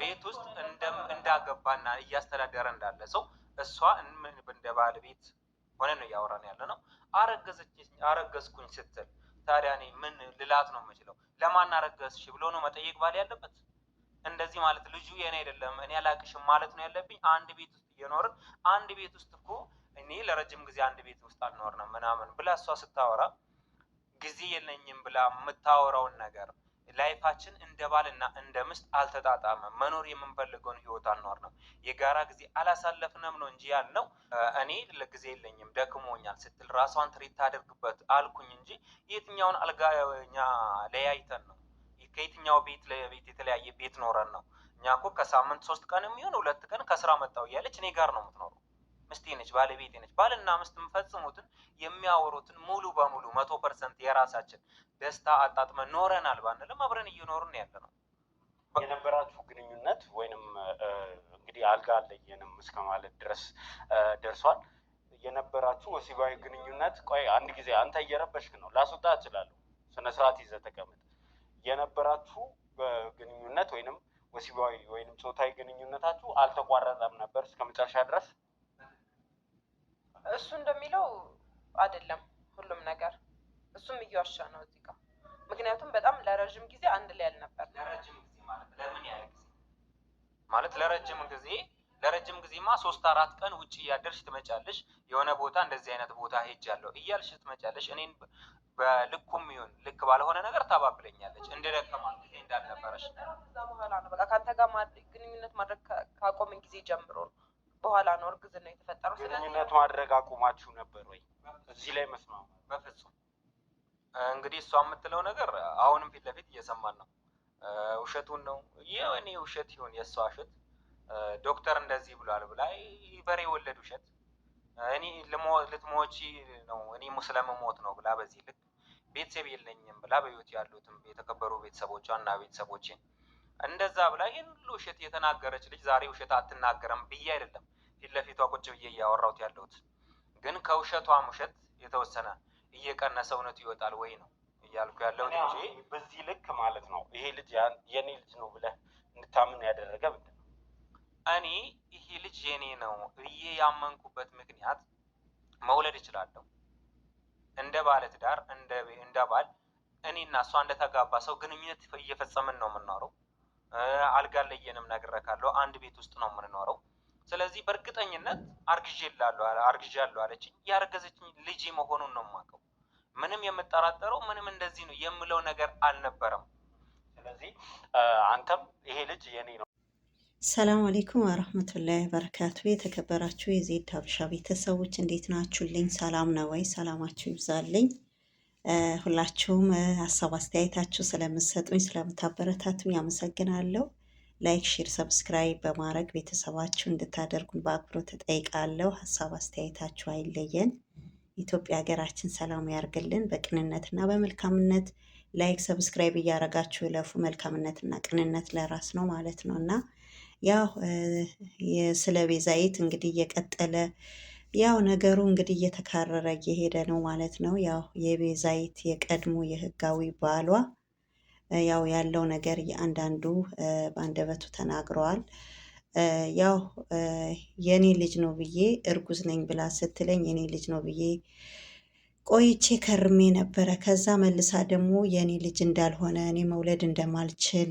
ቤት ውስጥ እንዳገባና እያስተዳደረ እንዳለ ሰው እሷ እንደ ባለቤት ሆነ ነው እያወራን ያለ ነው። አረገዝኩኝ ስትል ታዲያ እኔ ምን ልላት ነው የምችለው? ለማን አረገዝሽ ብሎ ነው መጠየቅ ባል ያለበት። እንደዚህ ማለት ልጁ የኔ አይደለም እኔ አላቅሽም ማለት ነው ያለብኝ። አንድ ቤት ውስጥ እየኖርን አንድ ቤት ውስጥ እኮ እኔ ለረጅም ጊዜ አንድ ቤት ውስጥ አልኖርንም ምናምን ብላ እሷ ስታወራ ጊዜ የለኝም ብላ የምታወራውን ነገር ላይፋችን እንደ ባልና እንደ ምስት አልተጣጣመም። መኖር የምንፈልገውን ህይወት ነው የጋራ ጊዜ አላሳለፍንም ነው እንጂ ያልነው እኔ ለጊዜ የለኝም ደክሞኛል ስትል ራሷን ትሪት ታደርግበት አልኩኝ እንጂ የትኛውን አልጋ እኛ ለያይተን ነው ከየትኛው ቤት ለቤት የተለያየ ቤት ኖረን ነው። እኛ እኮ ከሳምንት ሶስት ቀን የሚሆን ሁለት ቀን ከስራ መጣው እያለች እኔ ጋር ነው የምትኖረው። ሚስቴ ነች፣ ባለቤቴ ነች። ባልና ሚስት የምፈጽሙትን የሚያወሩትን ሙሉ በሙሉ መቶ ፐርሰንት የራሳችን ደስታ አጣጥመን ኖረናል ባንልም አብረን እየኖርን ያለ ነው። የነበራችሁ ግንኙነት ወይንም እንግዲህ አልጋ አለየንም እስከ ማለት ድረስ ደርሷል። የነበራችሁ ወሲባዊ ግንኙነት ቆይ አንድ ጊዜ አንተ እየረበሽክ ነው፣ ላስወጣ እችላለሁ። ስርዓት ይዘህ ተቀመጥ። የነበራችሁ ግንኙነት ወይንም ወሲባዊ ወይንም ፆታዊ ግንኙነታችሁ አልተቋረጠም ነበር እስከ መጨረሻ ድረስ? እሱ እንደሚለው አይደለም ሁሉም ነገር እሱም እየዋሻ ነው እዚህ ጋር። ምክንያቱም በጣም ለረዥም ጊዜ አንድ ላይ አልነበር። ለረጅም ጊዜ ማለት ለምን ያህል ጊዜ ማለት? ለረጅም ጊዜ ለረጅም ጊዜማ ሶስት አራት ቀን ውጭ እያደርሽ ትመጫለሽ። የሆነ ቦታ እንደዚህ አይነት ቦታ ሄጃለሁ እያልሽ ትመጫለሽ። እኔን በልኩም ይሁን ልክ ባለሆነ ነገር ታባብለኛለች። እንደ ጊዜ እንዳልነበረሽ በኋላ ነው በቃ ከአንተ ጋር ግንኙነት ማድረግ ካቆምን ጊዜ ጀምሮ ነው በኋላ ነው እርግዝና የተፈጠረው። ግንኙነት ማድረግ አቁማችሁ ነበር ወይ? እዚህ ላይ መስማማት በፍጹም እንግዲህ እሷ የምትለው ነገር አሁንም ፊት ለፊት እየሰማን ነው። ውሸቱን ነው የኔ ውሸት ይሁን የእሷ ውሸት፣ ዶክተር እንደዚህ ብሏል ብላ በሬ የወለድ ውሸት እኔ ልትሞቺ ነው እኔ ሙስለም ሞት ነው ብላ በዚህ ልክ ቤተሰብ የለኝም ብላ በህይወት ያሉትም የተከበሩ ቤተሰቦቿ እና ቤተሰቦችን እንደዛ ብላ ይህን ሁሉ ውሸት የተናገረች ልጅ ዛሬ ውሸት አትናገረም ብዬ አይደለም ፊት ለፊቷ ቁጭ ብዬ እያወራሁት ያለሁት ግን ከውሸቷም ውሸት የተወሰነ እየቀነሰ እውነቱ ይወጣል ወይ ነው እያልኩ ያለሁት እንጂ በዚህ ልክ ማለት ነው ይሄ ልጅ የኔ ልጅ ነው ብለህ እንድታምን ያደረገ ምንድን ነው? እኔ ይሄ ልጅ የኔ ነው ብዬ ያመንኩበት ምክንያት መውለድ እችላለሁ። እንደ ባለ ትዳር እንደ ባል እኔና እሷ እንደተጋባ ሰው ግንኙነት እየፈጸምን ነው የምናወረው። አልጋ ለየንም ነግረካለሁ። አንድ ቤት ውስጥ ነው የምንኖረው። ስለዚህ በእርግጠኝነት አርግዣለሁ አርግዣለሁ አለችኝ። ያረገዘችኝ ልጅ መሆኑን ነው የማውቀው። ምንም የምጠራጠረው ምንም እንደዚህ ነው የምለው ነገር አልነበረም። ስለዚህ አንተም ይሄ ልጅ የኔ ነው። ሰላም አሌይኩም ወረህመቱላሂ በረካቱ። የተከበራችሁ የዜድ ሀበሻ ቤተሰቦች እንዴት ናችሁልኝ? ሰላም ነው ወይ? ሰላማችሁ ይብዛልኝ። ሁላችሁም ሀሳብ አስተያየታችሁ ስለምትሰጡኝ ስለምታበረታቱኝ አመሰግናለሁ። ላይክ፣ ሼር፣ ሰብስክራይብ በማድረግ ቤተሰባችሁ እንድታደርጉን በአክብሮት ተጠይቃለሁ። ሀሳብ አስተያየታችሁ አይለየን። ኢትዮጵያ ሀገራችን ሰላም ያርግልን። በቅንነትና በመልካምነት ላይክ፣ ሰብስክራይብ እያደረጋችሁ ለፉ። መልካምነትና ቅንነት ለራስ ነው ማለት ነው እና ያው ስለ ቤዛይት እንግዲህ እየቀጠለ ያው ነገሩ እንግዲህ እየተካረረ እየሄደ ነው ማለት ነው። ያው የቤዛይት የቀድሞ የህጋዊ ባሏ ያው ያለው ነገር እያንዳንዱ በአንደበቱ ተናግረዋል። ያው የኔ ልጅ ነው ብዬ እርጉዝ ነኝ ብላ ስትለኝ የኔ ልጅ ነው ብዬ ቆይቼ ከርሜ ነበረ። ከዛ መልሳ ደግሞ የኔ ልጅ እንዳልሆነ እኔ መውለድ እንደማልችል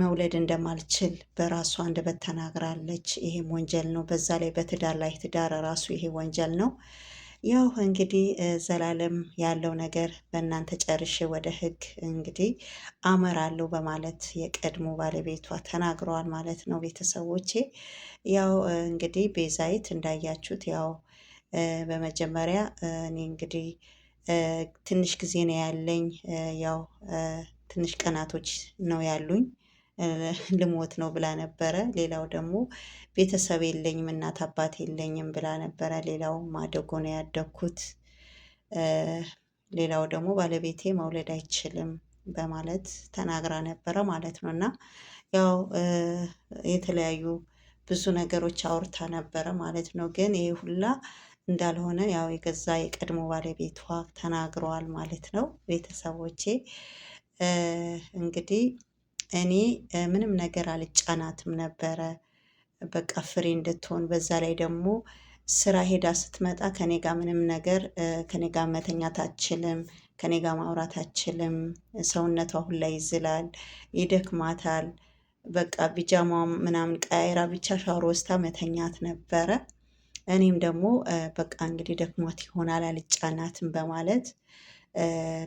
መውለድ እንደማልችል በራሷ አንደበት ተናግራለች። ይሄም ወንጀል ነው። በዛ ላይ በትዳር ላይ ትዳር ራሱ ይሄ ወንጀል ነው። ያው እንግዲህ ዘላለም ያለው ነገር በእናንተ ጨርሼ ወደ ህግ እንግዲህ አመራለሁ በማለት የቀድሞ ባለቤቷ ተናግረዋል ማለት ነው። ቤተሰቦቼ ያው እንግዲህ ቤዛይት እንዳያችሁት ያው በመጀመሪያ እኔ እንግዲህ ትንሽ ጊዜ ነው ያለኝ። ያው ትንሽ ቀናቶች ነው ያሉኝ ልሞት ነው ብላ ነበረ። ሌላው ደግሞ ቤተሰብ የለኝም እናት አባት የለኝም ብላ ነበረ። ሌላው ማደጎ ነው ያደግኩት። ሌላው ደግሞ ባለቤቴ መውለድ አይችልም በማለት ተናግራ ነበረ ማለት ነው። እና ያው የተለያዩ ብዙ ነገሮች አውርታ ነበረ ማለት ነው። ግን ይህ ሁላ እንዳልሆነ ያው የገዛ የቀድሞ ባለቤቷ ተናግረዋል ማለት ነው። ቤተሰቦቼ እንግዲህ እኔ ምንም ነገር አልጫናትም ነበረ። በቃ ፍሬ እንድትሆን በዛ ላይ ደግሞ ስራ ሄዳ ስትመጣ ከኔ ጋር ምንም ነገር ከኔ ጋር መተኛት አችልም፣ ከኔ ጋር ማውራት አችልም። ሰውነቷ ሁላ ይዝላል፣ ይደክማታል። በቃ ቢጃማ ምናምን ቀያይራ ብቻ ሻወር ወስታ መተኛት ነበረ። እኔም ደግሞ በቃ እንግዲህ ደክሟት ይሆናል አልጫናትም በማለት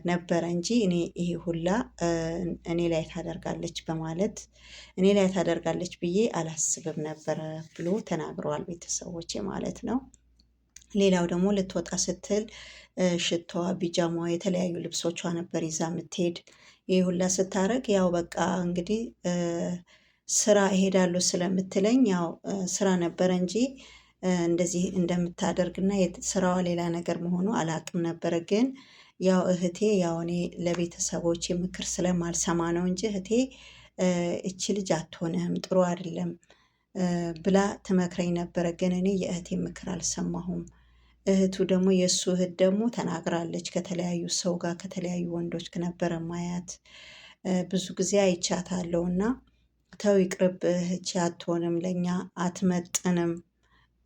ነበረ እንጂ እኔ ይሄ ሁላ እኔ ላይ ታደርጋለች በማለት እኔ ላይ ታደርጋለች ብዬ አላስብም ነበረ ብሎ ተናግረዋል። ቤተሰቦቼ ማለት ነው። ሌላው ደግሞ ልትወጣ ስትል ሽቶዋ፣ ቢጃማ፣ የተለያዩ ልብሶቿ ነበር ይዛ የምትሄድ። ይህ ሁላ ስታረግ ያው በቃ እንግዲህ ስራ እሄዳለሁ ስለምትለኝ ያው ስራ ነበረ እንጂ እንደዚህ እንደምታደርግና ስራዋ ሌላ ነገር መሆኑ አላቅም ነበረ ግን ያው እህቴ ያው እኔ ለቤተሰቦቼ ምክር ስለማልሰማ ነው እንጂ እህቴ እቺ ልጅ አትሆንም ጥሩ አይደለም ብላ ትመክረኝ ነበረ። ግን እኔ የእህቴ ምክር አልሰማሁም። እህቱ ደግሞ የእሱ እህት ደግሞ ተናግራለች። ከተለያዩ ሰው ጋር ከተለያዩ ወንዶች ነበረ ማያት ብዙ ጊዜ አይቻታለሁ እና ተው ይቅርብ፣ እህች አትሆንም፣ ለእኛ አትመጥንም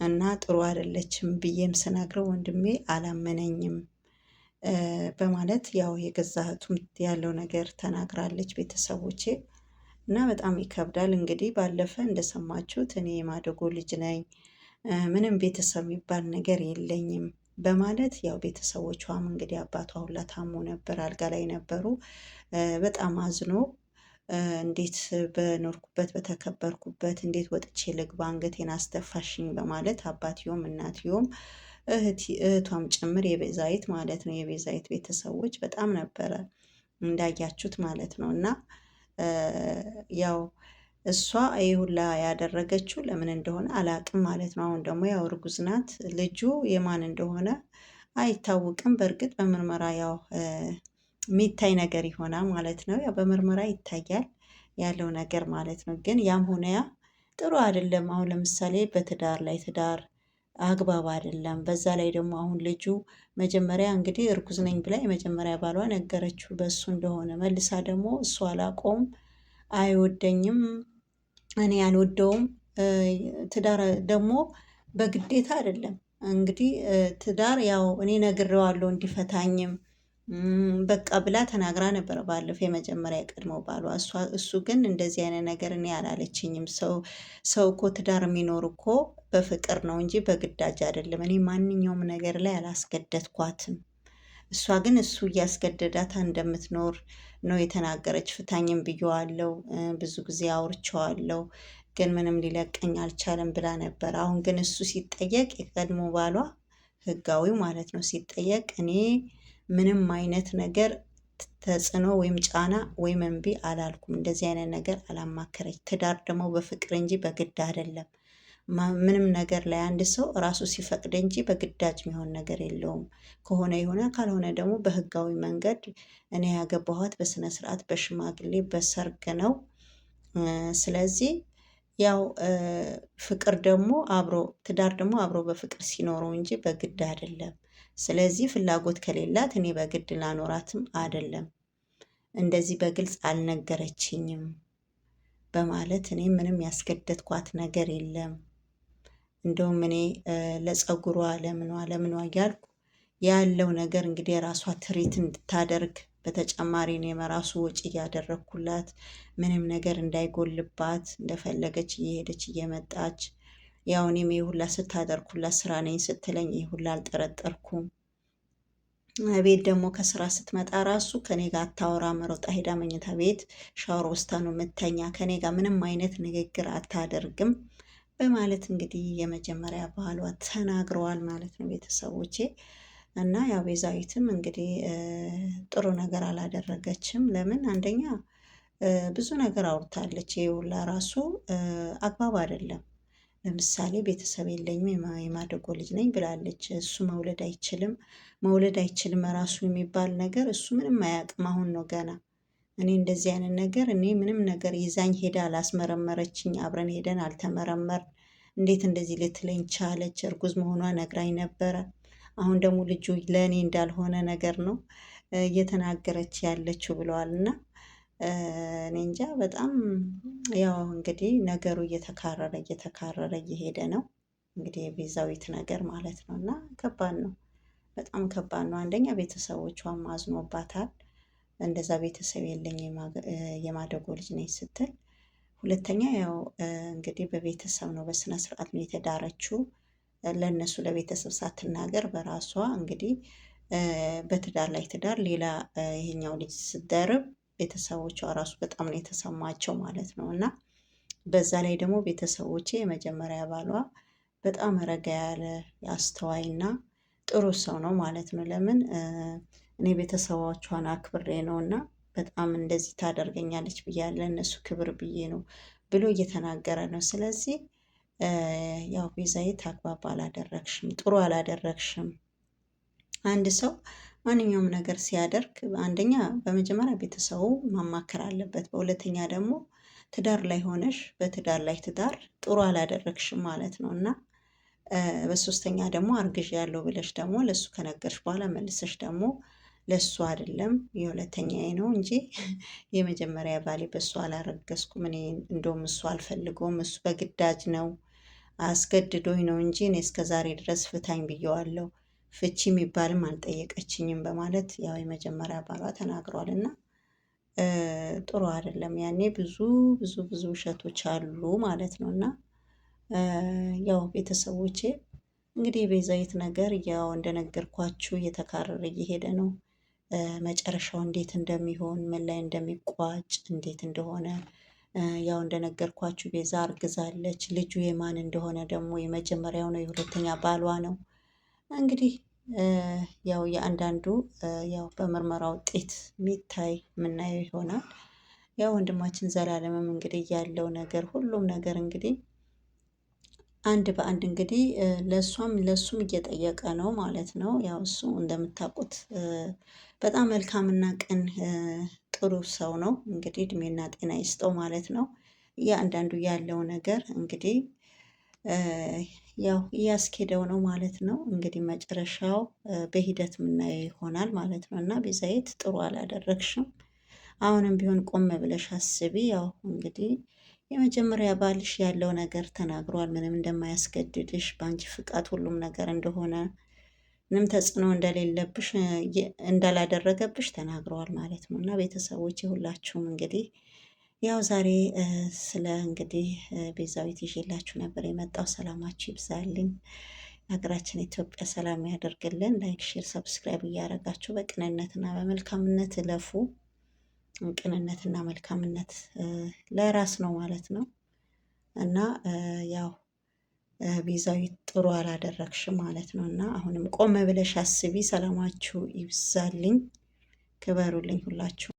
እና ጥሩ አይደለችም ብዬም ስነግረው ወንድሜ አላመነኝም። በማለት ያው የገዛሁት ያለው ነገር ተናግራለች ቤተሰቦቼ እና በጣም ይከብዳል። እንግዲህ ባለፈ እንደሰማችሁት እኔ የማደጎ ልጅ ነኝ፣ ምንም ቤተሰብ የሚባል ነገር የለኝም በማለት ያው ቤተሰቦቿም እንግዲህ አባቷ ሁላ ታሞ ነበር፣ አልጋ ላይ ነበሩ። በጣም አዝኖ እንዴት በኖርኩበት በተከበርኩበት እንዴት ወጥቼ ልግባ አንገቴን አስተፋሽኝ በማለት አባትዮም እናትዮም እህቷም ጭምር የቤዛይት ማለት ነው። የቤዛይት ቤተሰቦች በጣም ነበረ እንዳያችሁት ማለት ነው። እና ያው እሷ ይህ ሁላ ያደረገችው ለምን እንደሆነ አላቅም ማለት ነው። አሁን ደግሞ ያው እርጉዝ ናት። ልጁ የማን እንደሆነ አይታወቅም። በእርግጥ በምርመራ ያው የሚታይ ነገር ይሆናል ማለት ነው። ያው በምርመራ ይታያል ያለው ነገር ማለት ነው። ግን ያም ሆነ ያ ጥሩ አይደለም። አሁን ለምሳሌ በትዳር ላይ ትዳር አግባብ አይደለም። በዛ ላይ ደግሞ አሁን ልጁ መጀመሪያ እንግዲህ እርጉዝ ነኝ ብላ የመጀመሪያ ባሏ ነገረችው በእሱ እንደሆነ መልሳ ደግሞ እሱ አላቆም አይወደኝም፣ እኔ አልወደውም። ትዳር ደግሞ በግዴታ አይደለም እንግዲህ ትዳር ያው እኔ ነግሬዋለሁ እንዲፈታኝም በቃ ብላ ተናግራ ነበረ ባለፈው የመጀመሪያ የቀድሞ ባሏ። እሱ ግን እንደዚህ አይነት ነገር እኔ አላለችኝም፣ ሰው ሰው እኮ ትዳር የሚኖር እኮ በፍቅር ነው እንጂ በግዳጅ አይደለም። እኔ ማንኛውም ነገር ላይ አላስገደድኳትም። እሷ ግን እሱ እያስገደዳት እንደምትኖር ነው የተናገረች። ፍታኝም ብየዋለው፣ ብዙ ጊዜ አውርቸዋለው፣ ግን ምንም ሊለቀኝ አልቻለም ብላ ነበር። አሁን ግን እሱ ሲጠየቅ የቀድሞ ባሏ ህጋዊ ማለት ነው ሲጠየቅ እኔ ምንም አይነት ነገር ተጽዕኖ ወይም ጫና ወይም እምቢ አላልኩም። እንደዚህ አይነት ነገር አላማከረች። ትዳር ደግሞ በፍቅር እንጂ በግድ አይደለም። ምንም ነገር ላይ አንድ ሰው ራሱ ሲፈቅድ እንጂ በግዳጅ የሚሆን ነገር የለውም። ከሆነ የሆነ ካልሆነ ደግሞ በህጋዊ መንገድ እኔ ያገባኋት በስነ ስርዓት በሽማግሌ በሰርግ ነው። ስለዚህ ያው ፍቅር ደግሞ አብሮ ትዳር ደግሞ አብሮ በፍቅር ሲኖረው እንጂ በግድ አይደለም። ስለዚህ ፍላጎት ከሌላት እኔ በግድ ላኖራትም አይደለም። እንደዚህ በግልጽ አልነገረችኝም። በማለት እኔ ምንም ያስገደድኳት ነገር የለም እንደውም እኔ ለጸጉሯ ለምኗ ለምኗ እያልኩ ያለው ነገር እንግዲህ የራሷ ትሪት እንድታደርግ በተጨማሪ እኔም ራሱ ወጪ እያደረግኩላት ምንም ነገር እንዳይጎልባት እንደፈለገች እየሄደች እየመጣች ያው እኔም ይህ ሁላ ስታደርኩላት ስራ ነኝ ስትለኝ ይህ ሁላ አልጠረጠርኩም። ቤት ደግሞ ከስራ ስትመጣ ራሱ ከኔ ጋር አታወራ ሮጣ ሄዳ መኝታ ቤት ሻወር ወስታ ነው የምተኛ። ከኔ ጋር ምንም አይነት ንግግር አታደርግም። በማለት እንግዲህ የመጀመሪያ ባሏ ተናግረዋል ማለት ነው ቤተሰቦቼ። እና ያው ቤዛዊትም እንግዲህ ጥሩ ነገር አላደረገችም። ለምን አንደኛ ብዙ ነገር አውርታለች። የውላ ራሱ አግባብ አይደለም። ለምሳሌ ቤተሰብ የለኝም የማደጎ ልጅ ነኝ ብላለች። እሱ መውለድ አይችልም መውለድ አይችልም ራሱ የሚባል ነገር እሱ ምንም አያውቅም። አሁን ነው ገና እኔ እንደዚህ አይነት ነገር እኔ ምንም ነገር ይዛኝ ሄዳ አላስመረመረችኝ። አብረን ሄደን አልተመረመር። እንዴት እንደዚህ ልትለኝ ቻለች? እርጉዝ መሆኗ ነግራኝ ነበረ። አሁን ደግሞ ልጁ ለእኔ እንዳልሆነ ነገር ነው እየተናገረች ያለችው ብለዋል እና እኔ እንጃ በጣም ያው እንግዲህ ነገሩ እየተካረረ እየተካረረ እየሄደ ነው። እንግዲህ የቤዛዊት ነገር ማለት ነው እና ከባድ ነው፣ በጣም ከባድ ነው። አንደኛ ቤተሰቦቿም አዝኖባታል። እንደዛ ቤተሰብ የለኝ የማደጎ ልጅ ነኝ ስትል፣ ሁለተኛ ያው እንግዲህ በቤተሰብ ነው በስነ ስርዓት ነው የተዳረችው። ለእነሱ ለቤተሰብ ሳትናገር በራሷ እንግዲህ በትዳር ላይ ትዳር ሌላ ይሄኛው ልጅ ስደርብ ቤተሰቦቿ ራሱ በጣም ነው የተሰማቸው ማለት ነው። እና በዛ ላይ ደግሞ ቤተሰቦቼ የመጀመሪያ ባሏ በጣም ረጋ ያለ አስተዋይና ጥሩ ሰው ነው ማለት ነው። ለምን እኔ ቤተሰባቿን አክብሬ ነው እና በጣም እንደዚህ ታደርገኛለች ብያለ እነሱ ክብር ብዬ ነው ብሎ እየተናገረ ነው። ስለዚህ ያው ቤዛዬ አግባብ አላደረግሽም፣ ጥሩ አላደረግሽም። አንድ ሰው ማንኛውም ነገር ሲያደርግ አንደኛ በመጀመሪያ ቤተሰቡ ማማከር አለበት። በሁለተኛ ደግሞ ትዳር ላይ ሆነሽ በትዳር ላይ ትዳር ጥሩ አላደረግሽም ማለት ነው እና በሶስተኛ ደግሞ ያለው ብለሽ ደግሞ ለእሱ ከነገርሽ በኋላ መልሰሽ ደግሞ ለእሱ አይደለም የሁለተኛዬ ነው እንጂ የመጀመሪያ ባሌ በእሱ አላረገዝኩም። እኔ እንደውም እሱ አልፈልገውም፣ እሱ በግዳጅ ነው አስገድዶኝ ነው እንጂ እኔ እስከ ዛሬ ድረስ ፍታኝ ብየዋለሁ፣ ፍቺ የሚባልም አልጠየቀችኝም በማለት ያው የመጀመሪያ ባሏ ተናግሯል። እና ጥሩ አይደለም። ያኔ ብዙ ብዙ ብዙ ውሸቶች አሉ ማለት ነው እና ያው ቤተሰቦቼ እንግዲህ የቤዛዊት ነገር ያው እንደነገርኳችሁ እየተካረረ እየሄደ ነው። መጨረሻው እንዴት እንደሚሆን ምን ላይ እንደሚቋጭ እንዴት እንደሆነ ያው እንደነገርኳችሁ ቤዛ አርግዛለች። ልጁ የማን እንደሆነ ደግሞ የመጀመሪያው ነው የሁለተኛ ባሏ ነው። እንግዲህ ያው የአንዳንዱ ያው በምርመራ ውጤት የሚታይ የምናየው ይሆናል። ያው ወንድማችን ዘላለምም እንግዲህ ያለው ነገር ሁሉም ነገር እንግዲህ አንድ በአንድ እንግዲህ ለእሷም ለእሱም እየጠየቀ ነው ማለት ነው። ያው እሱ እንደምታውቁት በጣም መልካምና ቅን ጥሩ ሰው ነው። እንግዲህ እድሜና ጤና ይስጠው ማለት ነው። እያንዳንዱ ያለው ነገር እንግዲህ ያው እያስኬደው ነው ማለት ነው። እንግዲህ መጨረሻው በሂደት የምናየው ይሆናል ማለት ነው። እና ቤዛዊት ጥሩ አላደረግሽም። አሁንም ቢሆን ቆም ብለሽ አስቢ። ያው እንግዲህ የመጀመሪያ ባልሽ ያለው ነገር ተናግሯል። ምንም እንደማያስገድድሽ በአንቺ ፍቃድ ሁሉም ነገር እንደሆነ ምንም ተጽዕኖ እንደሌለብሽ እንዳላደረገብሽ ተናግረዋል ማለት ነው። እና ቤተሰቦች ሁላችሁም እንግዲህ ያው ዛሬ ስለ እንግዲህ ቤዛዊት ይዤላችሁ ነበር የመጣው። ሰላማችሁ ይብዛልኝ። ሀገራችን ኢትዮጵያ ሰላም ያደርግልን። ላይክ፣ ሼር፣ ሰብስክራይብ እያደረጋችሁ በቅንነትና በመልካምነት እለፉ። ቅንነትና መልካምነት ለራስ ነው ማለት ነው። እና ያው ቤዛዊት ጥሩ አላደረግሽም ማለት ነው። እና አሁንም ቆመ ብለሽ አስቢ። ሰላማችሁ ይብዛልኝ፣ ክበሩልኝ ሁላችሁ።